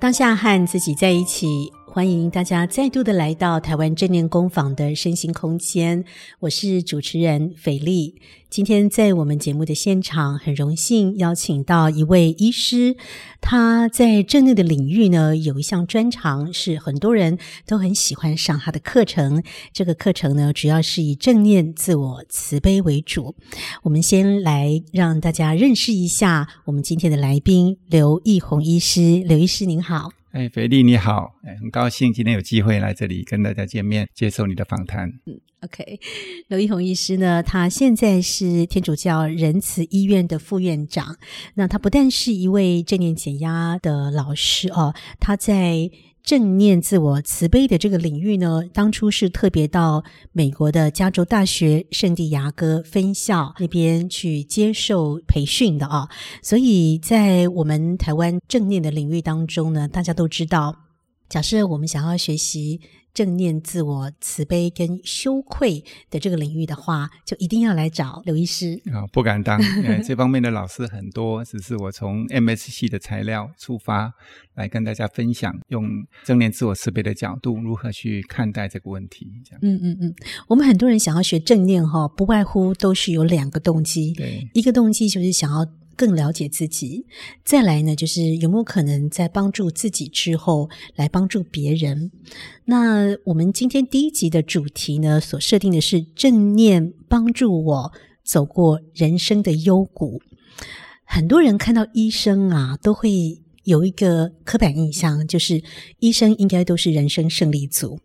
當下和自己在一起。歡迎大家再度的來到台灣正念工坊的身心空間，我是主持人斐莉。今天在我們節目的現場，很榮幸邀請到一位醫師，他在正念的領域呢，有一項專長，是很多人都很喜歡上他的課程。這個課程呢，主要是以正念、自我、慈悲為主。我們先來讓大家認識一下我們今天的來賓劉益宏醫師。劉醫師您好。哎，斐莉你好，哎，很高興今天有機會來這裡跟大家見面，接受你的訪談。嗯，OK，劉益宏醫師呢，他現在是天主教仁慈醫院的副院長。那他不但是一位正念減壓的老師哦，他在。正念自我慈悲的這個領域呢，當初是特別到美國的加州大學聖地牙哥分校那邊去接受培訓的啊、哦，所以在我們台灣正念的領域當中呢，大家都知道，假設我們想要學習。正念自我慈悲跟羞愧的這個領域的話，就一定要來找劉醫師啊！不敢當，這方面的老師很多， 只是我從 MSC 的材料出發來跟大家分享，用正念自我慈悲的角度如何去看待這個問題。這樣，嗯嗯嗯，我們很多人想要學正念哈，不外乎都是有兩個動機，對，一個動機就是想要。更了解自己，再來呢，就是有沒有可能在幫助自己之後，來幫助別人？那我們今天第一集的主題呢，所設定的是正念幫助我走過人生的幽谷。很多人看到醫生啊，都會有一個刻板印象，就是醫生應該都是人生勝利組。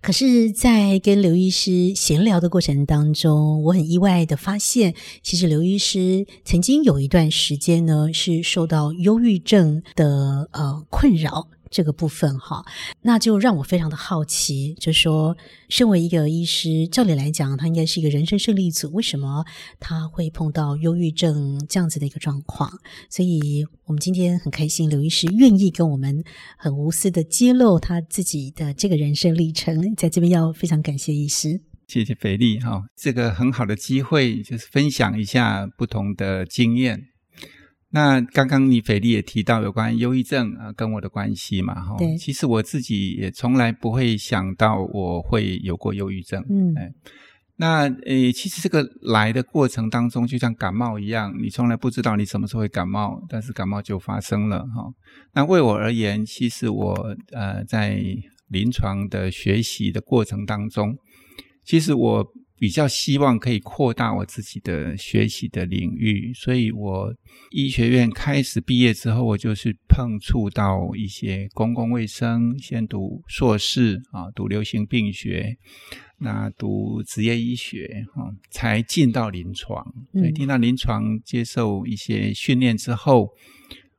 可是，在跟劉醫師閒聊的過程當中，我很意外地發現，其實劉醫師曾經有一段時間呢，是受到憂鬱症的呃困擾。這個部分哈，那就讓我非常的好奇，就是說身為一個醫師，照理來講，他應該是一個人生勝利組，為什麼他會碰到憂鬱症這樣子的一個狀況？所以，我們今天很開心，劉醫師願意跟我們很無私的揭露他自己的這個人生歷程，在這邊要非常感謝醫師，謝謝斐莉哈、哦，這個很好的機會就是分享一下不同的經驗。那剛剛你斐莉也提到有關憂鬱症啊跟我的關係嘛哈，其實我自己也從來不會想到我會有過憂鬱症，嗯，那其實這個來的過程當中就像感冒一樣，你從來不知道你什麼時候會感冒，但是感冒就發生了哈。那為我而言，其實我呃在臨床的學習的過程當中，其實我。比較希望可以擴大我自己的學習的領域，所以我醫學院開始畢業之後，我就去碰觸到一些公共衛生，先讀碩士啊，讀流行病學，那讀職業醫學啊，才進到臨床。所以進到臨床接受一些訓練之後。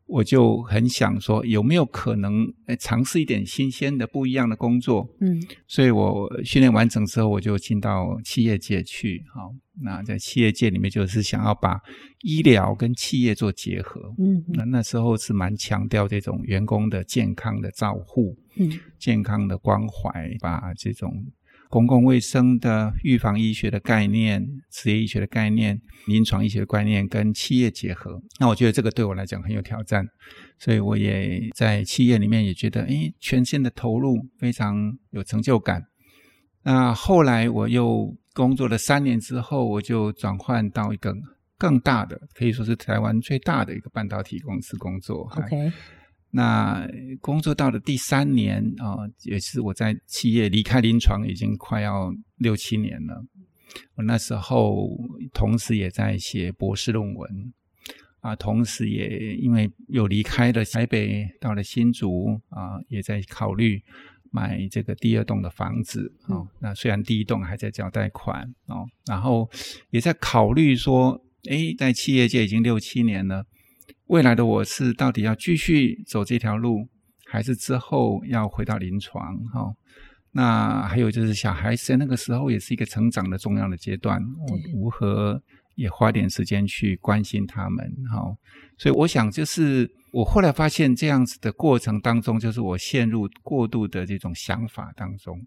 我就很想說，有沒有可能嘗試一點新鮮的、不一樣的工作？嗯，所以我訓練完成之後，我就進到企業界去。好，那在企業界裡面，就是想要把醫療跟企業做結合。嗯，那那時候是蠻強調這種員工的健康的照護，嗯，健康的關懷，把這種。公共衛生的預防醫學的概念，職業醫學的概念，臨床醫學的概念跟企業結合，那我覺得這個對我來講很有挑戰，所以我也在企業裡面也覺得，哎，全新的投入非常有成就感。那後來我又工作了三年之後，我就轉換到一個更大的，可以說是台灣最大的一個半導體公司工作。Okay. 那工作到了第三年啊，也是我在企業離開臨床已經快要六七年了。我那時候同時也在寫博士論文啊，同時也因為又離開了台北，到了新竹啊，也在考慮買這個第二棟的房子啊。那雖然第一棟還在交貸款啊，然後也在考慮說，哎，在企業界已經六七年了。未來的我是到底要繼續走這條路，還是之後要回到臨床？哈、哦，那還有就是小孩子在那個時候也是一個成長的重要的階段，我、嗯、如何也花點時間去關心他們？哈、哦，所以我想就是我後來發現這樣子的過程當中，就是我陷入過度的這種想法當中。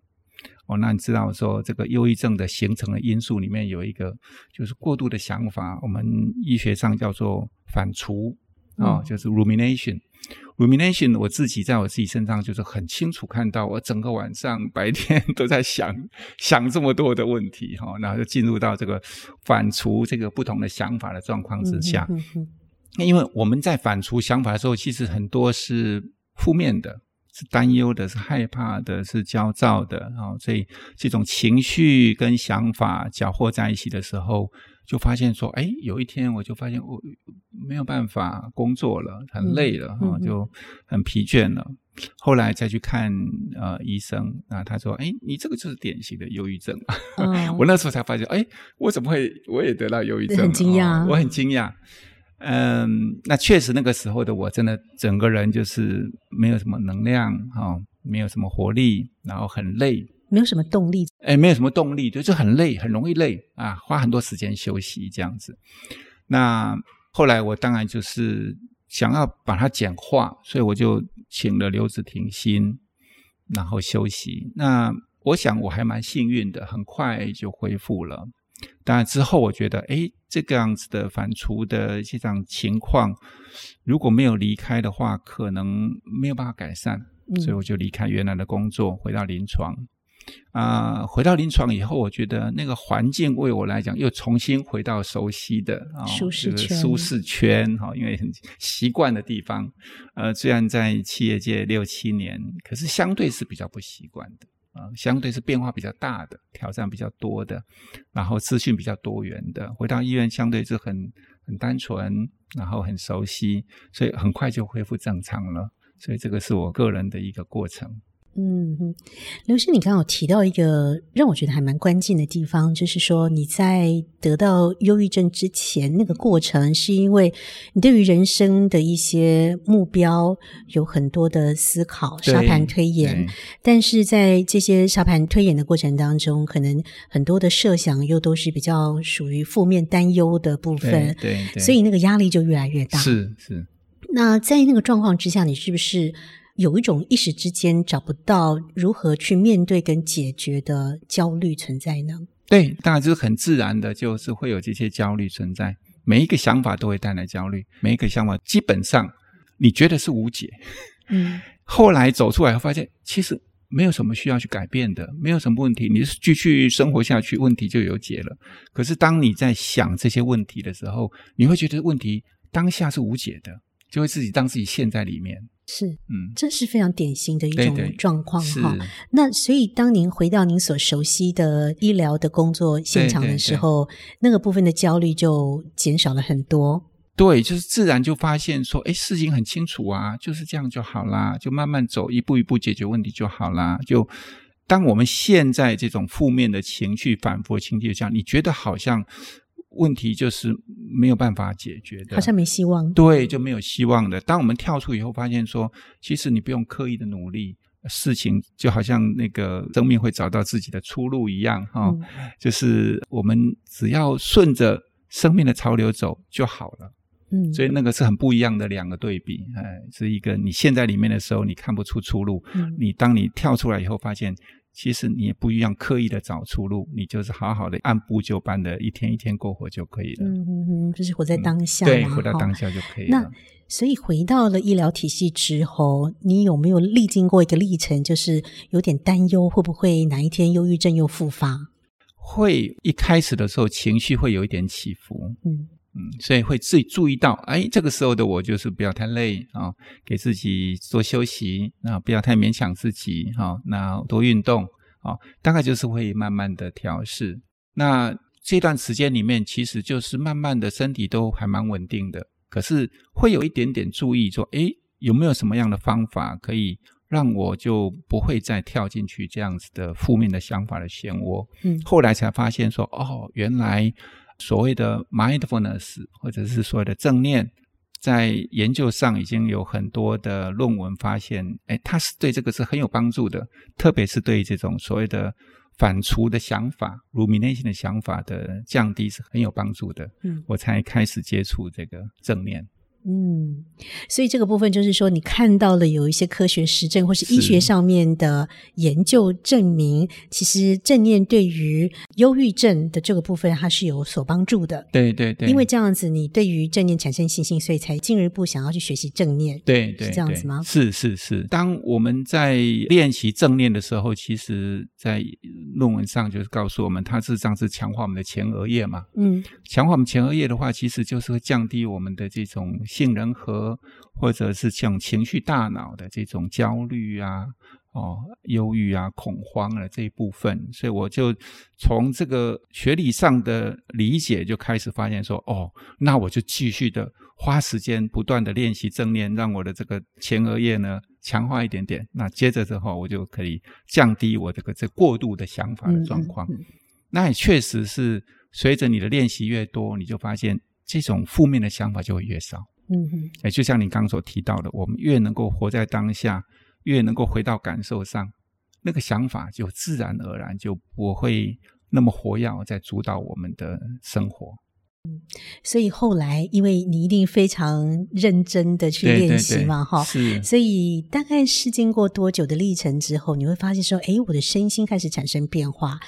哦，那你知道說這個憂鬱症的形成的因素裡面有一個就是過度的想法，我們醫學上叫做反芻。啊、哦，就是 rumination，rumination，我自己在我自己身上就是很清楚看到，我整個晚上、白天都在想想這麼多的問題，哈、哦，然後就進入到這個反芻這個不同的想法的狀況之下。嗯嗯嗯、因為我們在反芻想法的時候，其實很多是負面的，是擔憂的，是害怕的，是焦躁的，哦、所以這種情緒跟想法攪和在一起的時候。就發現說，哎，有一天我就發現我沒有辦法工作了，很累了，嗯哦、就很疲倦了。嗯、後來再去看呃醫生，那他說，哎，你這個就是典型的憂鬱症、啊。嗯、 我那時候才發現，哎，我怎麼會我也得到憂鬱症、嗯哦？很驚訝、哦，我很驚訝。嗯，那確實那個時候的我真的整個人就是沒有什麼能量哈、哦，沒有什麼活力，然後很累。沒有什麼動力，哎，沒有什麼動力，對，就很累，很容易累啊，花很多時間休息這樣子。那後來我當然就是想要把它簡化，所以我就請了留職停薪，然後休息。那我想我還蠻幸運的，很快就恢復了。當然之後我覺得，哎，這個樣子的反芻的這種情況，如果沒有離開的話，可能沒有辦法改善，嗯、所以我就離開原來的工作，回到臨床。啊，呃，回到臨床以後，我覺得那個環境為我來講又重新回到熟悉的啊，哦，舒適圈，就是舒適圈，哦。因為很習慣的地方。呃，雖然在企業界六七年，可是相對是比較不習慣的，呃，相對是變化比較大的，挑戰比較多的，然後資訊比較多元的。回到醫院，相對是很很單純，然後很熟悉，所以很快就恢復正常了。所以這個是我個人的一個過程。嗯哼，劉醫師，你剛好提到一個讓我覺得還蠻關鍵的地方，就是說你在得到憂鬱症之前，那個過程是因為你對於人生的一些目標有很多的思考、沙盤推演，但是在這些沙盤推演的過程當中，可能很多的設想又都是比較屬於負面擔憂的部分，對，對對，所以那個壓力就越來越大。是是。那在那個狀況之下，你是不是？有一種一時之間找不到如何去面對跟解決的焦慮存在呢？對，當然就是很自然的，就是會有這些焦慮存在。每一個想法都會帶來焦慮，每一個想法基本上你覺得是無解。嗯，後來走出來，發現其實沒有什麼需要去改變的，沒有什麼問題，你繼續生活下去，問題就有解了。可是當你在想這些問題的時候，你會覺得問題當下是無解的，就會自己當自己陷在裡面。是，嗯，這是非常典型的一種狀況哈、嗯。那所以當您回到您所熟悉的醫療的工作現場的時候，對對對，那個部分的焦慮就減少了很多。對，就是自然就發現說，哎，事情很清楚啊，就是這樣就好啦，就慢慢走，一步一步解決問題就好啦。就當我們現在這種負面的情緒反芻情緒下，你覺得好像。問題就是沒有辦法解決的，好像沒希望。對，就沒有希望的。當我們跳出以後，發現說，其實你不用刻意的努力，事情就好像那個生命會找到自己的出路一樣，哈、嗯哦，就是我們只要順着生命的潮流走就好了。嗯，所以那個是很不一樣的兩個對比，哎，是一個你陷在裡面的時候你看不出出路，嗯、你當你跳出來以後發現。其實你也不一樣，刻意的找出路，你就是好好的按部就班的，一天一天過活就可以了。嗯嗯，就是活在當下。嗯，對，活在當下就可以了。那所以回到了醫療體系之後，你有沒有歷經過一個歷程，就是有點擔憂，會不會哪一天憂鬱症又復發？會，一開始的時候情緒會有一點起伏，嗯。嗯，所以會自己注意到，哎，這個時候的我就是不要太累啊，哦，給自己多休息啊，不要太勉強自己哈，哦，那多運動啊，大概就是會慢慢的調試。那這段時間裡面，其實就是慢慢的身體都還蠻穩定的，可是會有一點點注意說，哎，有沒有什麼樣的方法可以讓我就不會再跳進去這樣子的負面的想法的漩渦？嗯，後來才發現說，哦，原來。所謂的 mindfulness，或者是所謂的正念，在研究上已經有很多的論文發現，誒，它是對這個是很有幫助的，特別是對這種所謂的反芻的想法、rumination 的想法的降低是很有幫助的。嗯，我才開始接觸這個正念。嗯，所以這個部分就是說，你看到了有一些科學實證或是醫學上面的研究證明，其實正念對於憂鬱症的這個部分，它是有所幫助的。對對對，因為這樣子，你對於正念產生信心，所以才進一步想要去學習正念。對對，是這樣子嗎？是是是。當我們在練習正念的時候，其實在論文上就是告訴我們，它是這樣子強化我們的前額葉嘛。嗯，強化我們前額葉的話，其實就是會降低我們的這種，杏仁核，或者是像情緒大腦的這種焦慮啊、哦、憂鬱啊、恐慌啊，這一部分，所以我就從這個學理上的理解就開始發現說，哦，那我就繼續的花時間不斷的練習正念，讓我的這個前額葉呢強化一點點。那接着之後，我就可以降低我這個這個過度的想法的狀況。嗯嗯嗯、那也確實是，隨着你的練習越多，你就發現這種負面的想法就會越少。嗯哼，哎， 就像你剛所提到的，我們越能夠活在當下，越能夠回到感受上，那個想法就自然而然就不會那麼活躍在主導我們的生活。嗯，所以後來，因為你一定非常認真的去練習嘛，哈，是。所以大概是經過多久的歷程之後，你會發現說，哎，我的身心開始產生變化，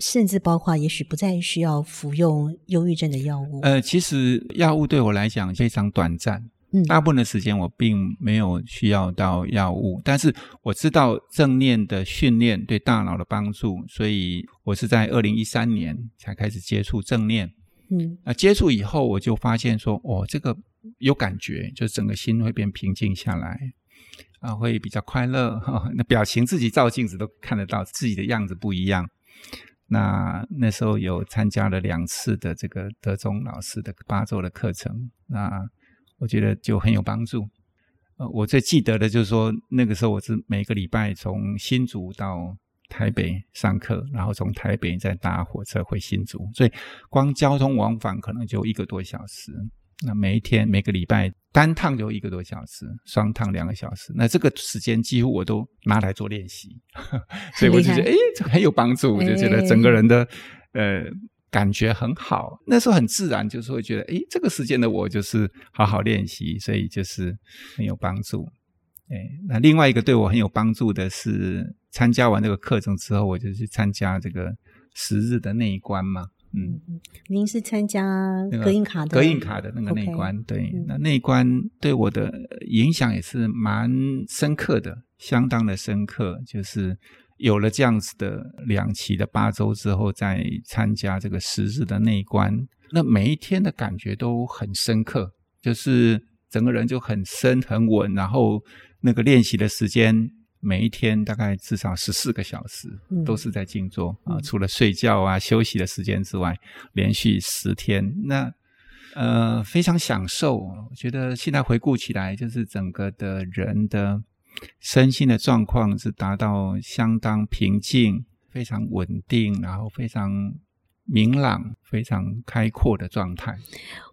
甚至包括也許不再需要服用憂鬱症的藥物。呃，其實藥物對我來講非常短暫，嗯，大部分的時間我並沒有需要到藥物，但是我知道正念的訓練對大腦的幫助，所以我是在二零一三年才開始接觸正念。嗯，那接觸以後我就發現說，哦，這個有感覺，就整個心會變平靜下來，啊，會比較快樂，哦，那表情自己照鏡子都看得到自己的樣子不一樣。那那時候有參加了兩次的這個德中老師的八周的課程，那我覺得就很有幫助。呃，我最記得的就是說，那個時候我是每個禮拜從新竹到。台北上課，然後從台北再搭火車回新竹，所以光交通往返可能就一個多小時。那每一天、每個禮拜單趟就一個多小時，雙趟兩個小時。那這個時間幾乎我都拿來做練習， 所以我就覺得哎，這很有幫助，我就覺得整個人的哎哎哎呃感覺很好。那時候很自然，就是會覺得哎，這個時間的我就是好好練習，所以就是很有幫助。哎，那另外一個對我很有幫助的是。參加完這個課程之後，我就去參加這個十日的內觀嘛、嗯。嗯，您是參加葛印卡的音、那個、葛印卡的那個內觀？Okay, 對、嗯，那內觀對我的影響也是蠻深刻的，相當的深刻。就是有了這樣子的兩期的八周之後，再參加這個十日的內觀，那每一天的感覺都很深刻，就是整個人就很深很穩，然後那個練習的時間。每一天大概至少十四個小時都是在靜坐，嗯、啊，除了睡覺啊、休息的時間之外，連續十天，那呃非常享受。我覺得現在回顧起來，就是整個的人的身心的狀況是達到相當平靜、非常穩定，然後非常明朗、非常開闊的狀態。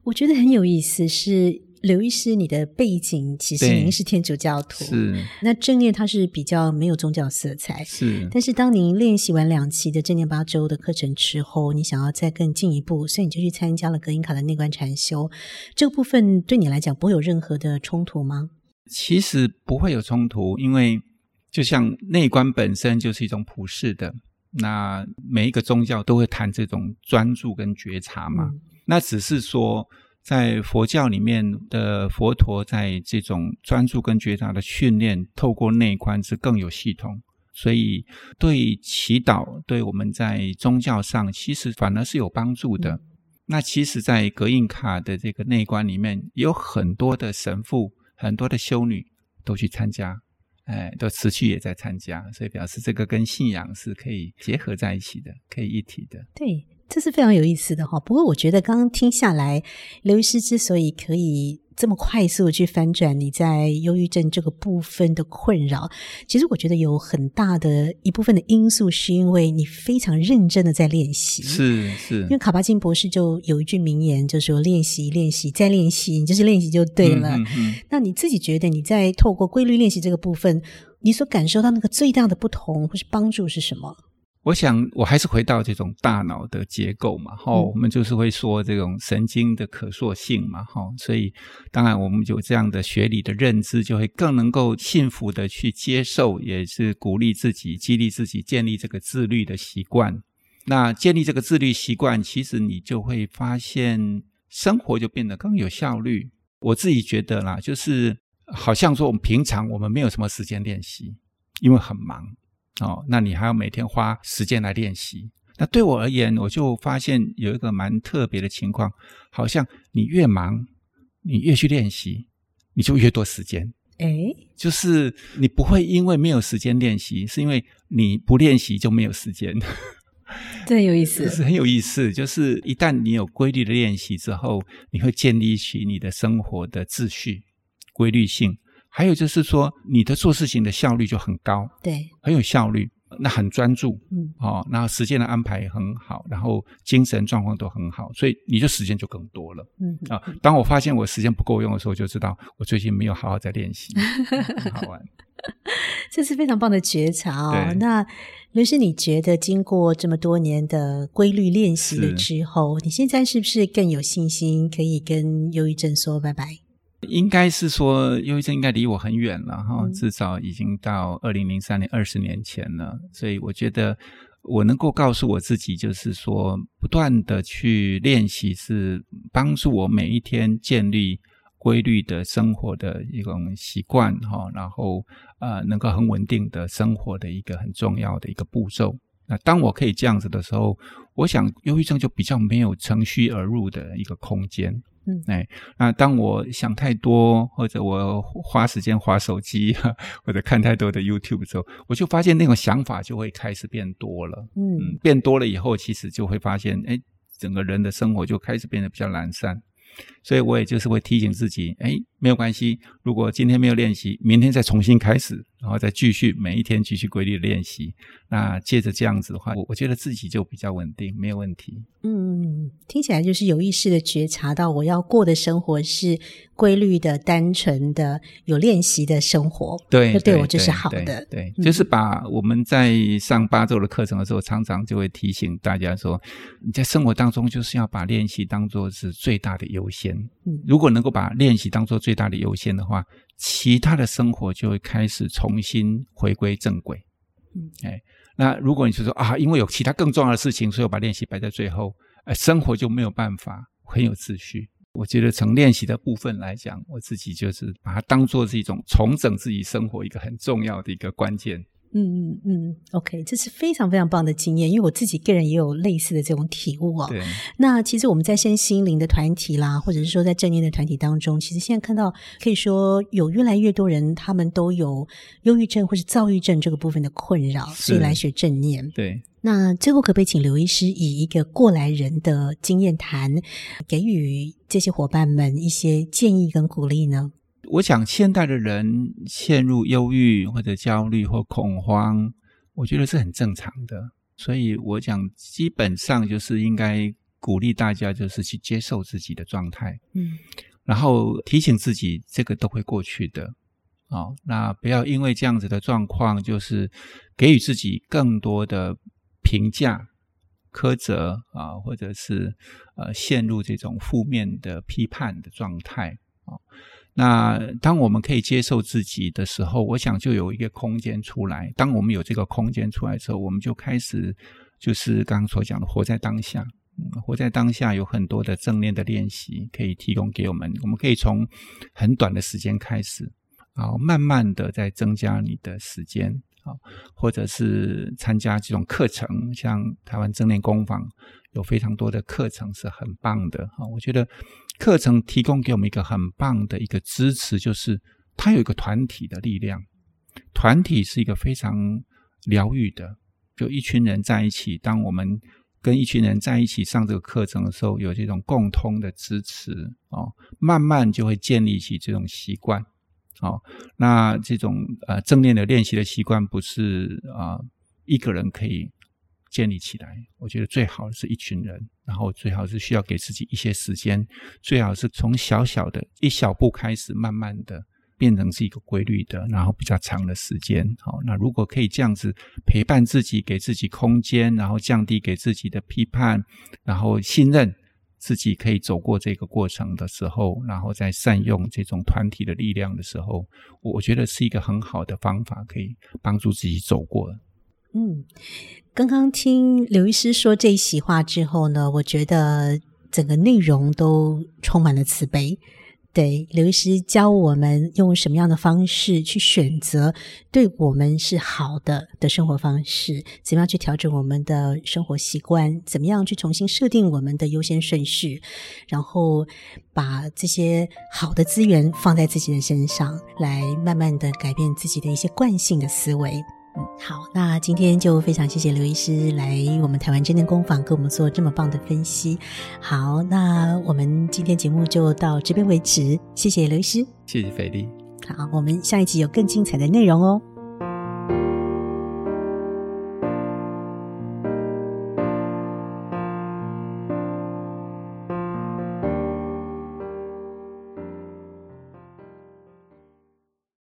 我覺得很有意思是。劉醫師，你的背景其實您是天主教徒，是。那正念它是比較沒有宗教色彩，是。但是當您練習完兩期的正念八周的課程之後，你想要再更進一步，所以你就去參加了葛印卡的內觀禪修，這個部分對你來講不會有任何的衝突嗎？其實不會有衝突，因為就像內觀本身就是一種普世的，那每一個宗教都會談這種專注跟覺察嘛，嗯、那只是說。在佛教裡面的佛陀，在這種專注跟覺察的訓練，透過內觀是更有系統，所以對祈禱，對我們在宗教上，其實反而是有幫助的。那其實，在葛印卡的這個內觀裡面，有很多的神父、很多的修女都去參加。哎，都持續也在參加，所以表示這個跟信仰是可以結合在一起的，可以一體的。對，這是非常有意思的哈。不過我覺得剛剛聽下來，劉醫師之所以可以。這麼快速去翻轉你在憂鬱症這個部分的困擾，其實我覺得有很大的一部分的因素，是因為你非常認真的在練習。是是，因為卡巴金博士就有一句名言，就是說練習，練習，再練習，你就是練習就對了。嗯嗯嗯。那你自己覺得你在透過規律練習這個部分，你所感受到那個最大的不同或是幫助是什麼？我想，我還是回到這種大腦的結構嘛，哈，我們就是會說這種神經的可塑性嘛，哈，所以當然我們有這樣的學理的認知，就會更能夠幸福的去接受，也是鼓勵自己、激勵自己建立這個自律的習慣。那建立這個自律習慣，其實你就會發現生活就變得更有效率。我自己覺得啦，就是好像說我們平常我們沒有什麼時間練習，因為很忙。哦，那你還要每天花時間來練習。那對我而言，我就發現有一個蠻特別的情況，好像你越忙，你越去練習，你就越多時間。誒、欸，就是你不會因為沒有時間練習，是因為你不練習就沒有時間。對， 有意思，就是很有意思。就是一旦你有規律的練習之後，你會建立起你的生活的秩序、規律性。還有就是說，你的做事情的效率就很高，對，很有效率，那很專注，嗯，好，然後時間的安排也很好，然後精神狀況都很好，所以你就時間就更多了，嗯哼哼啊。當我發現我時間不夠用的時候，我就知道我最近沒有好好在練習。哈哈哈哈哈， 這是非常棒的覺察哦。那劉醫師，你覺得經過這麼多年的規律練習了之後，你現在是不是更有信心可以跟憂鬱症說拜拜？應該是說，憂鬱症應該離我很遠了哈、嗯，至少已經到二零零三年，二十年前了。所以我覺得，我能夠告訴我自己，就是說，不斷地去練習是幫助我每一天建立規律的生活的一種習慣哈，然後呃，能夠很穩定的生活的一個很重要的一個步驟。那當我可以這樣子的時候，我想憂鬱症就比較沒有乘虛而入的一個空間。嗯、哎，那當我想太多，或者我花時間滑手機，或者看太多的 YouTube 之後，我就發現那種想法，就會開始變多了嗯。嗯，變多了以後，其實就會發現，哎，整個人的生活就開始變得比較懶散。所以我也就是會提醒自己，哎，沒有關係。如果今天沒有練習，明天再重新開始，然後再繼續每一天繼續規律的練習。那借着這樣子的話，我我覺得自己就比較穩定，沒有問題。嗯，聽起來就是有意識的覺察到我要過的生活是規律的、單純的、有練習的生活。對，這對，對我就是好的。對，對，對，對。嗯，就是把我們在上八周的課程的時候，常常就會提醒大家說，你在生活當中就是要把練習當做是最大的優先。嗯，如果能夠把練習當做最大的優先的話，其他的生活就會開始重新回歸正軌。嗯，哎，那如果你就說啊，因為有其他更重要的事情，所以我把練習擺在最後，呃，生活就沒有辦法很有秩序，嗯。我覺得從練習的部分來講，我自己就是把它當做是一種重整自己生活一個很重要的一個關鍵。嗯嗯嗯，OK，這是非常非常棒的經驗，因為我自己個人也有類似的這種體悟啊、哦。對。那其實我們在身心靈的團體啦，或者是說在正念的團體當中，其實現在看到可以說有越來越多人，他們都有憂鬱症或是躁鬱症這個部分的困擾，所以來學正念。對。那最後可不可以請劉醫師以一個過來人的經驗談，給予這些夥伴們一些建議跟鼓勵呢？我想，現代的人陷入憂鬱或者焦慮或恐慌，我覺得是很正常的。所以，我講基本上就是應該鼓勵大家，就是去接受自己的狀態，嗯，然後提醒自己，這個都會過去的。喔，那不要因為這樣子的狀況，就是給予自己更多的評價、苛責啊，或者是呃，陷入這種負面的批判的狀態。那當我們可以接受自己的時候，我想就有一個空間出來。當我們有這個空間出來之後，我們就開始就是剛剛所講的活在當下。嗯。活在當下有很多的正念的練習可以提供給我們。我們可以從很短的時間開始，然後慢慢的再增加你的時間啊，或者是參加這種課程，像台灣正念工坊有非常多的課程是很棒的啊，我覺得。課程提供給我們一個很棒的一個支持，就是它有一個團體的力量。團體是一個非常療癒的，就一群人在一起。當我們跟一群人在一起上這個課程的時候，有這種共通的支持，哦，慢慢就會建立起這種習慣。哦，那這種呃正念的練習的習慣，不是啊、呃、一個人可以建立起來，我覺得最好是一群人，然後最好是需要給自己一些時間，最好是從小小的一小步開始，慢慢的變成是一個規律的，然後比較長的時間。好，那如果可以這樣子陪伴自己，給自己空間，然後降低給自己的批判，然後信任自己可以走過這個過程的時候，然後再善用這種團體的力量的時候，我覺得是一個很好的方法，可以幫助自己走過。嗯，剛剛聽劉醫師說這一席話之後呢，我覺得整個內容都充滿了慈悲。對，劉醫師教我們用什麼樣的方式去選擇對我們是好的的生活方式，怎麼樣去調整我們的生活習慣，怎麼樣去重新設定我們的優先順序，然後把這些好的資源放在自己的身上，來慢慢的改變自己的一些慣性的思維。嗯、好，那今天就非常謝謝劉醫師來我們台灣正念工坊給我們做這麼棒的分析。好，那我們今天節目就到這邊為止，謝謝劉醫師，謝謝斐莉。好，我們下一集有更精彩的內容哦。